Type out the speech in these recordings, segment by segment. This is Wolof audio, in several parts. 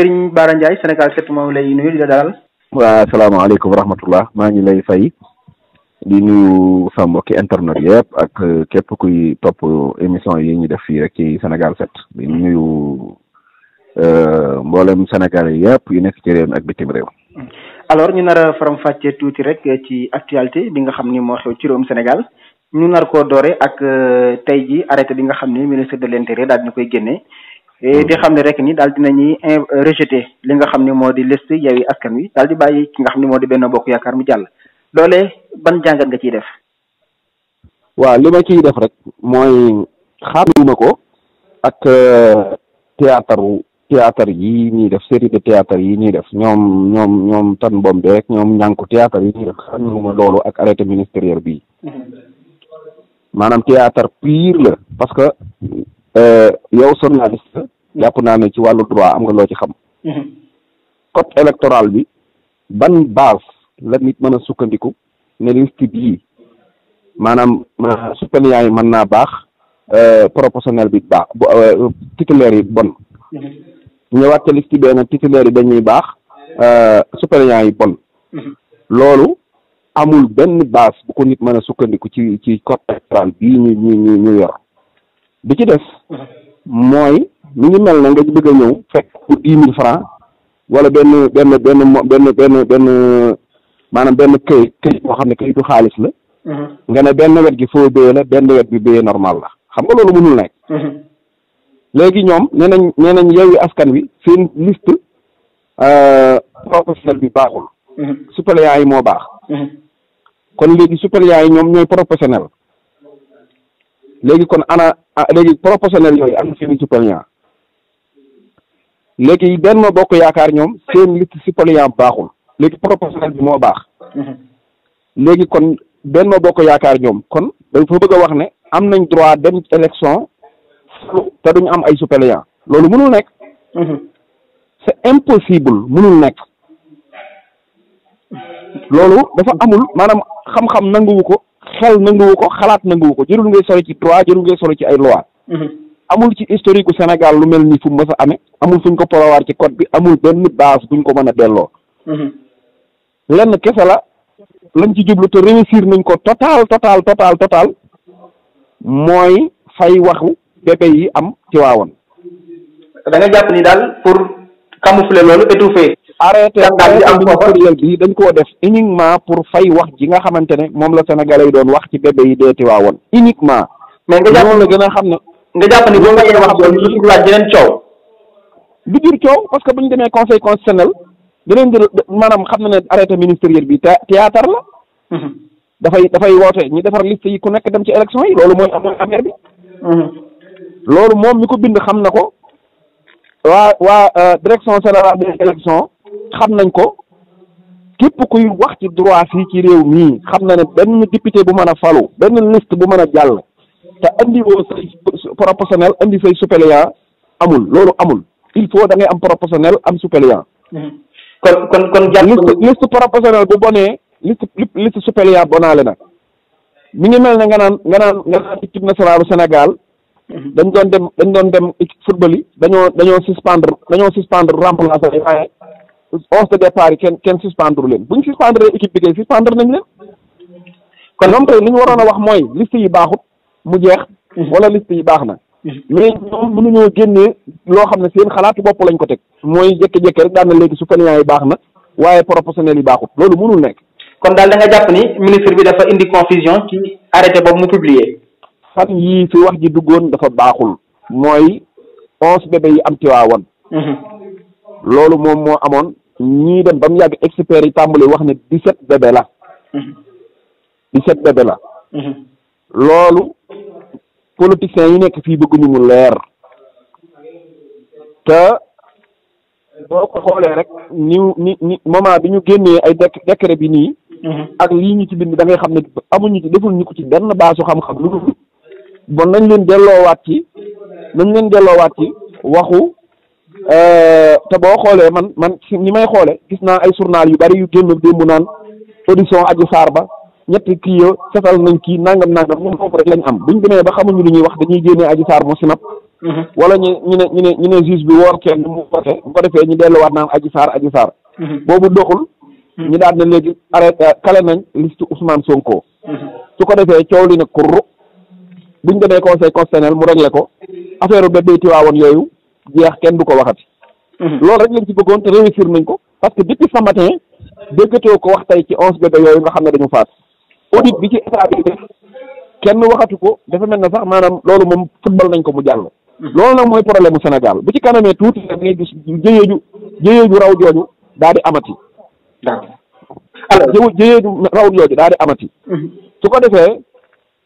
Serigne Bara Ndiaye Sénégal set moom ngi lay nuyu di la dalal. waaw asalaamaaleykum wa rahmatullah maa ngi lay fay di nuyu sa mbokki internet yépp ak euh, képp kuy topp émission yi ñu def fii rek ci Sénégal set di nuyu euh, mboolem Sénégal yëpp yu nekk ci réew mi ak bitim réew. alors ñu nar a faram-fàccee tuuti rek ci actualité bi nga xam ni moo xew ci réewum Sénégal ñu nar koo doore ak euh, tey ji arrêté bi nga xam ni ministre de l'intérieur daal di koy génnee. di xam ne rek ni daal dinañuy in eh, rejeté li nga xam ni moo di liste Yewwi Askan Wi daal di bàyyi ki nga xam ni moo di Benno Bokk Yaakaar mu jàll loolee ban jàngat nga ciy def. waaw lima ma ciy def rek mooy xàmmiwuma ko ak euh, théâtre wu théâtre yi ñuy def série de théâtre yi ñuy def ñoom ñoom ñoom tan bombe rek ñoom ñànku théâtre yi ñuy def xàmmiwuma loolu ak arrêté ministériel bii. Mm-hmm. maanaam théâtre pire la parce que Euh, yow journaliste hmm. jàpp naa ne ci wàllu droit am nga loo ci xam hmm. code électoral bi ban base la nit mën a sukkandiku ne liste bii maanaam suppléant yi mën naa baax euh, proportionnel bi baax euh, titulaire yi bon hmm. ñëwaat ci liste bee nag titulaire yi dañuy baax suppléant yi bon loolu amul benn baas bu ko nit mën a sukkandiku ci ci code électoral bii ñu ñu ñu ñu yor bi ci def mooy mu ngi mel na nga bëgg a ñëw fekk pour dix mille francs wala benn benn benn benn benn benn maanaam benn këyit këyit boo xam ne këyitu xaalis la mm-hmm. nga ne benn wet gi foo béyee la benn wet bi béyee normal la xam nga loolu mënul nekk mm-hmm. léegi ñoom nee nañ nee nañ Yewwi Askan Wi seen liste euh, proportionnel bi baaxul mm-hmm. suppléant yi moo baax kon léegi suppléant yi ñoom ñooy proportionnel léegi kon ana ah, léegi proportionnel yooyu am na seen suppléant léegi benn bokk yaakaar ñoom seen liste suppléant baaxul léegi proportionnel bi moo baax. Mhm. kon benn bokk yaakaar ñoom kon dafa bëgg a wax ne am nañ droit dem élection te duñu am ay suppléant loolu mënul nekk. Mhm. c'est impossible mënul nekk loolu dafa amul maanaam xam-xam nanguwu ko. xel nanguwu ko xalaat nanguwu ko jërul ngay sori ci droit jërul ngay sori ci ay loi mhm. amul ci historique gu Sénégal lu mel ni fu mu mës a amee amul fuñ ko porowaar ci code bi amul benn base buñ ko mën a delloo mhm. lenn kese la lañ ci jublu te réussir nañ ko total total total total mooy fay waxu bébé yi am ci waawoon da jàpp ni daal pour camoufler loolu étouffer arrêté dañ koo def uniquement pour fay wax ji nga xamante ne moom la sénégalais yi doon wax ci bébé yi deeti waa woon uniquement. mais nga jàpp la gën a xam ne. nga jàpp ni boo ma wax loolu ñu ngi coow. du jur coow parce que bu ñu demee conseil constitutionnel beneen jël maanaam xam na ne arrêté ministériel bi théâtre la. Mhm. dafay dafay woote ñu defar liste yi ku nekk dem ci élection yi loolu mooy mooy affaire mhm. loolu moom mi ko bind xam na ko. waa waa euh, direction générale des élections xam nañ ko képp kuy wax ci droit fii ci réew mii xam na ne benn député bu mën a falu benn liste bu mën a jàll te andi woo say proportionnel andi say suppléant amul loolu amul il faut da ngay am proportionnel am suppléant. Mm-hmm. kon kon kon jàpp liste liste proportionnel bu bonee liste liste suppléant bonaale na mi ngi mel ne nga naan nga naan nga naan équipe nationale Sénégal. Mm-hmm. dañ doon dem dañ doon dem football yi dañoo dañoo suspendre dañoo suspendre ramp yi onze de départ yi kenn kenn suspendre leen bu ñu suspendre équipe bi kay suspendre nañ leen kon ñoom tey li ñu waroon a wax mooy liste yi baaxut mu jeex wala liste yi baax na mais ñoom ñoo génnee loo xam ne seen xalaatu bopp lañ ko teg mooy jékki-jékki rek daan léegi su suppléants yi baax na waaye proportionnel yi baaxut loolu mënul nekk kon daal da jàpp ni ministre bi dafa indi confusion ci arrêté boobu mu publier fan yii fi wax ji duggoon dafa baaxul mooy onze bébé yi am tiwaawoon mhm. loolu moom moo amoon ñii dem ba mu yàgg experts yi tàmbali wax ne set bébé la. set bébé la. loolu politiciens yu nekk fii bëgguñu mu leer te boo ko xoolee rek ni ni ni moment bi ñu génnee ay dekk décret bi nii. ak lii ñu ci bind da xam ne amuñu ci deful ñu ko ci benn baasu xam-xam lu dul bon nañ leen delloowaat ci nañ leen delloowaat ci waxu. Euh, te boo xoolee man man ni may xoolee gis naa ay journal yu bari yu génn démb naan audition Adji saar ba ñetti kii yo setal nañ kii nangam nangam ñoom foofu rek lañ am buñ demee ba xamuñu lu ñuy wax dañuy génnee Adji Sarr mu sinap mm-hmm. wala ñu ñu ne ñu ñu ne bi woor kenn mu ko defee ñu delluwaat naan Adji Sarr Adji Sarr mm-hmm. boobu doxul mm-hmm. ñu daal na léegi arrêté kale nañ liste Ousmane Sonko su ko defee coow li ne kurru buñ demee conseil constitutionnel mu réglé ko affaire u bébéy tiwaawoon yooyu jeex kenn du ko waxati. Mhm. loolu rek lañ ci bëggoon te réussir nañ ko parce que depuis ce matin déggatoo ko wax tey ci onze bébé yooyu nga xam ne dañu faat audit bi waxatu ko dafa mel na sax maanaam loolu moom football nañ ko mu jàll. Mhm. loolu nag mooy problème mu Sénégal bu ci kanamee tuuti da ngay gis jëyee ju jëyee ju raw jooju daal di amati. d'accord alors jëyee ju raw jooju daal di amati. Mhm. su ko defee.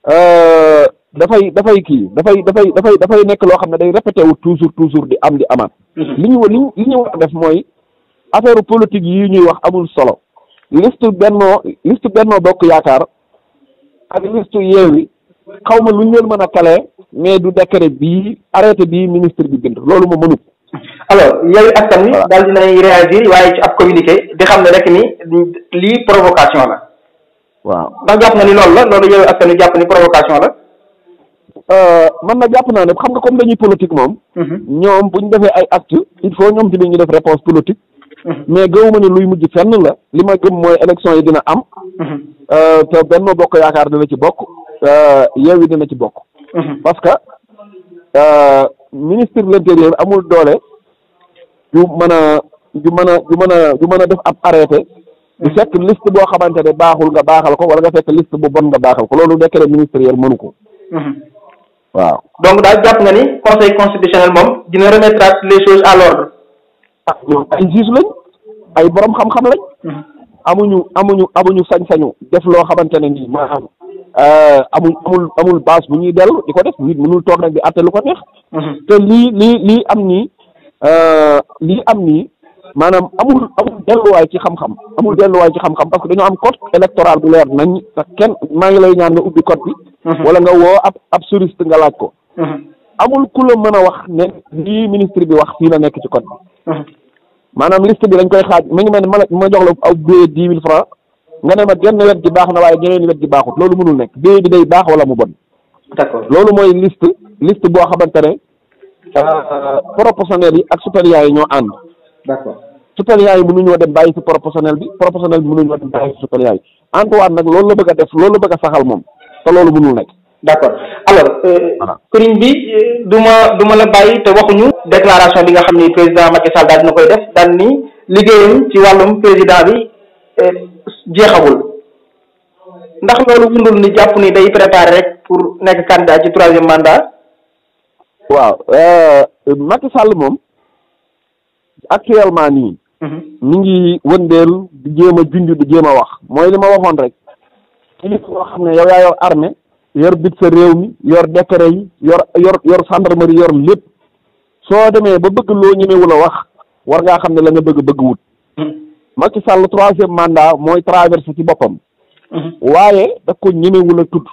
Euh, dafay dafay kii dafay dafay dafay dafay nekk loo xam ne day répété wu toujours toujours di am di amaat. Mhm. li ñu li ñu li ñu war def mooy affaire politique yi ñuy wax amul solo liste bennoo liste bennoo bokk yaakaar ak liste yeewi xaw ma lu ñu leen mën a talee mais du décret bi arrêté bii ministre bi bind loolu ma mënut. alors yow askan wi daal dinañ réagir waaye ci ab communiqué di xam ne rek ni lii provocation la. waaw ndax jàpp na ni loolu la loolu yow askan Euh, man na jàpp naa ne xam nga comme dañuy politique moom. Mhm. ñoom bu ñu defee ay acte il faut ñoom tamit ñu def réponse politique. Mhm. mais gëwuma ne luy mujj fenn la li ma gëm mooy élection yi dina am. Mhm. Euh, te Benno Bokk Yaakaar dina ci bokk. Euh, Yewwi dina ci bokk. parce que ministre de l'intérieur amul doole ju mën a ju man a ju mën a ju mën a def ab arrêté. di fekk liste boo xamante ne baaxul nga baaxal ko wala nga fekk liste bu bon nga baaxal ko loolu décret ministériel mënu ko. waaw donc daal jàpp na ni conseil constitutionnel moom dina remettre les choses à l'ordre ah ay boroom lañ ay xam-xam lañ. Mhm. amuñu amuñu amuñu sañ-sañu def loo xamante ne nii maanaam euh, am amul amul base bu ñuy dellu di ko def nit mënul toog nag di àtte lu ko neex. Mhm. te lii lii lii am nii euh, lii am nii. maanaam amul amul delluwaay ci xam-xam amul delluwaay ci xam-xam parce que dañoo am code électoral bu leer nañ te kenn maa ngi lay ñaan nga ubbi code bi. Mhm. wala nga woo ab ab juriste nga laaj ko. Mhm. amul ku la mën a wax ne lii ministre bi wax fii la nekk ci code bi. Mhm. maanaam liste bi dañ koy xaaj mi ngi mel ne ma la jox la aw billet dix mille francs nga ne ma genn wet gi baax na waaye geneen wet gi baaxut loolu mënul nekk billet bi day baax wala mu bon. loolu mooy liste liste boo xamante ne. Euh, proportionnel yi ak supérieur yi ñoo ànd. d'accord suppléants yi mënuñoo dem bàyyi si proportionnel bi proportionnel bi mënuñoo dem bàyyi si suppléants yi Antoine nag loolu la bëgg a def loolu la bëgg a saxal moom te loolu mënul nekk. d'accord alors. Euh, voilà bi euh, du ma du ma la bàyyi te waxuñu. déclaration bi nga xam ni président Macky Sall daal dina koy def daal ni liggéeyam ci wàllum président bi euh, jeexawul ndax loolu wundul ni jàpp ni day préparer rek pour nekk candidat ci troisième mandat. waaw Macky Sall actuellement nii. mu mhm. ngi wëndeel di jéem a junj di jéem a wax mooy li ma waxoon rek. kilifa xam ne yow yaa yor armée yor bit sa réew mi yor décret yi yor yor yor gendarmerie yor lépp soo demee ba bëgg loo ñemewul a wax war ngaa xam ne la nga bëgg bëgg wut. Mhm. Macky Sall troisième mandat mooy traversé ci boppam. Mhm. waaye da ko ñemewul a tudd.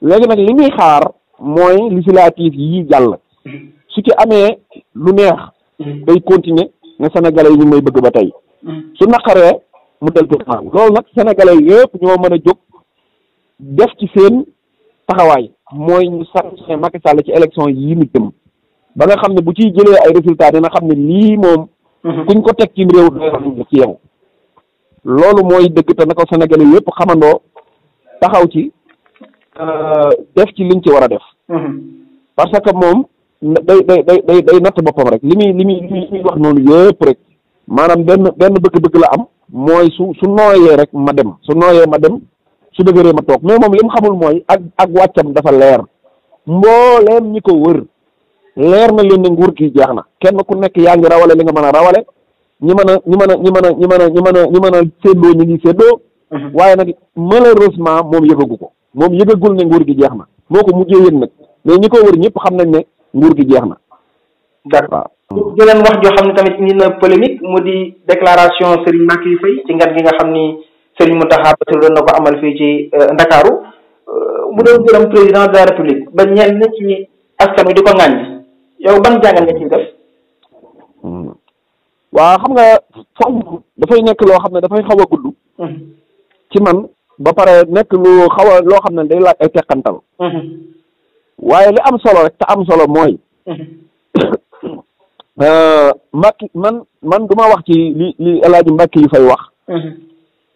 léegi nag li muy xaar mooy législative yi jàll. su ci amee lu neex. day continé ne sénégalais yi ñu may bëgg ba tey su naqaree mu del gannaaw loolu nag sénégalais yëpp ñoo mën a jóg def ci seen taxawaay mooy ñu sanctionné Macky ci élection yi mu jëm ba nga xam ne bu ciy jëlee ay résultat dina xam ne lii moom mhm. kuñ ko teg ci réew doy yow loolu mooy dëgg te na ko senegale yëpp xamandoo taxaw ci euh, def ci liñ ci war a def mhm. parce que moom day day day day day natt boppam rek li muy li muy li muy wax noonu yépp rek maanaam benn benn bëgg-bëgg la am mooy su su nooyee rek ma dem su nooyee ma dem su dëgëree ma toog mais moom li mu mooy ak ak wàccam dafa leer mbooleem ñi ko wër leer na leen ne nguur gi jeex na kenn ku nekk yaa ngi rawale li nga a rawale ñi mën a ñi mën a ñi mën a ñi mën mën a mën a séddoo ñu ngi séddoo mhm. waaye nag malheureusement moom yëgagu ko moom yëgagul ne nguur gi jeex na moo ko mujjee yëg nag mais ñi ko wër ñëpp xam nañ ne nguur gi jeex na. d'accord di leen wax joo xam ne tamit indi na polémique mu di déclaration Serigne Mbacké Faye ci ngan gi nga xam ni Serigne Mountakha Bassirou doon na ko amal fii ci euh, Ndakaaru euh, mu doon gërëm président de la république ba ñenn ci askan wi di ko ŋàññ yow ban jàngal nga ciy def. Hmm. waa xam nga foofu dafay nekk loo xam ne dafay xaw a gudd. Hmm. ci man ba pare nekk lu xaw loo xam ne day laaj ay teqantal. Hmm. waaye li am solo rek te am solo mooy euh, Mbacke man man du ma wax ci li li El Hadj Mbacke yu fay wax. Mm-hmm.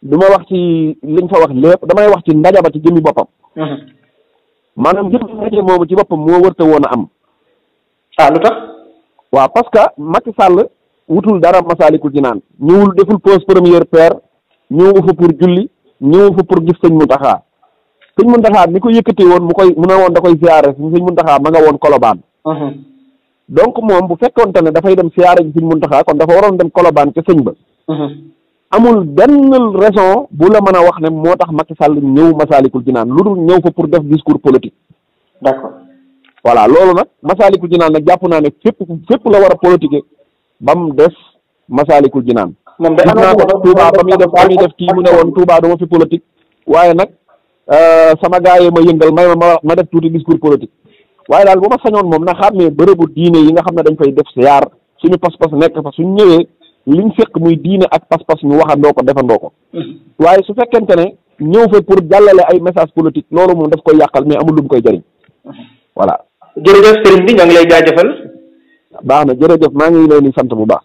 du ma wax ci liñ fa wax lépp damay wax ci ndaje ba ci jëmmi boppam. Mm-hmm. maanaam jëmmi ndaje moomu ci boppam moo wërta woon a am. ah lu tax. waaw parce que Macky Sall wutul dara Masaalikul Jinaan ñëwul deful pause première pierre ñëwu fa pour julli ñëwu fa pour gis sañ mu Mountakha sëñ Muntaxa mi ko yëkkati woon mu koy mu ne woon da koy siyaare si sëñ Muntaxa ma nga woon Kolobaan uh-huh. donc moom bu fekkoonte ne dafay dem siyaare ji sëñ Muntaxa kon dafa waroon dem Kolobaan ca sëñ ba uh-huh. amul benn raison bu la mën a wax ne moo tax Macky Sall ñëw Masaalikul Jinaan lu dul ñëw fa pour def discours politique d'accord voilà loolu nag Masaalikul Jinaan nag jàpp naa ne fépp fépp la war a politique ba mu des Masaalikul Jinaan gis naa ko Touba ba muy def ba muy def kii mu ne woon Touba duma fi politique waaye nag Euh, sama gars yi ma yëngal may ma ma def tuuti discours politique waaye daal bu ma sañoon moom na xàmmee bërëbu diine yi nga xam ne dañ fay def siyaar suñu pas-pas nekk fa suñ ñëwee liñ fekk muy diine ak pas-pas ñu waxandoo ko defandoo ko waaye su fekkente ne ñëw fa pour jàllale ay message politique loolu moom def koy yàqal mais amul lu mu koy jëriñ voilà jërëjëf sëriñ bi ñoo ngi lay jaajëfal baax na jërëjëf maa ngi leen di sant bu baax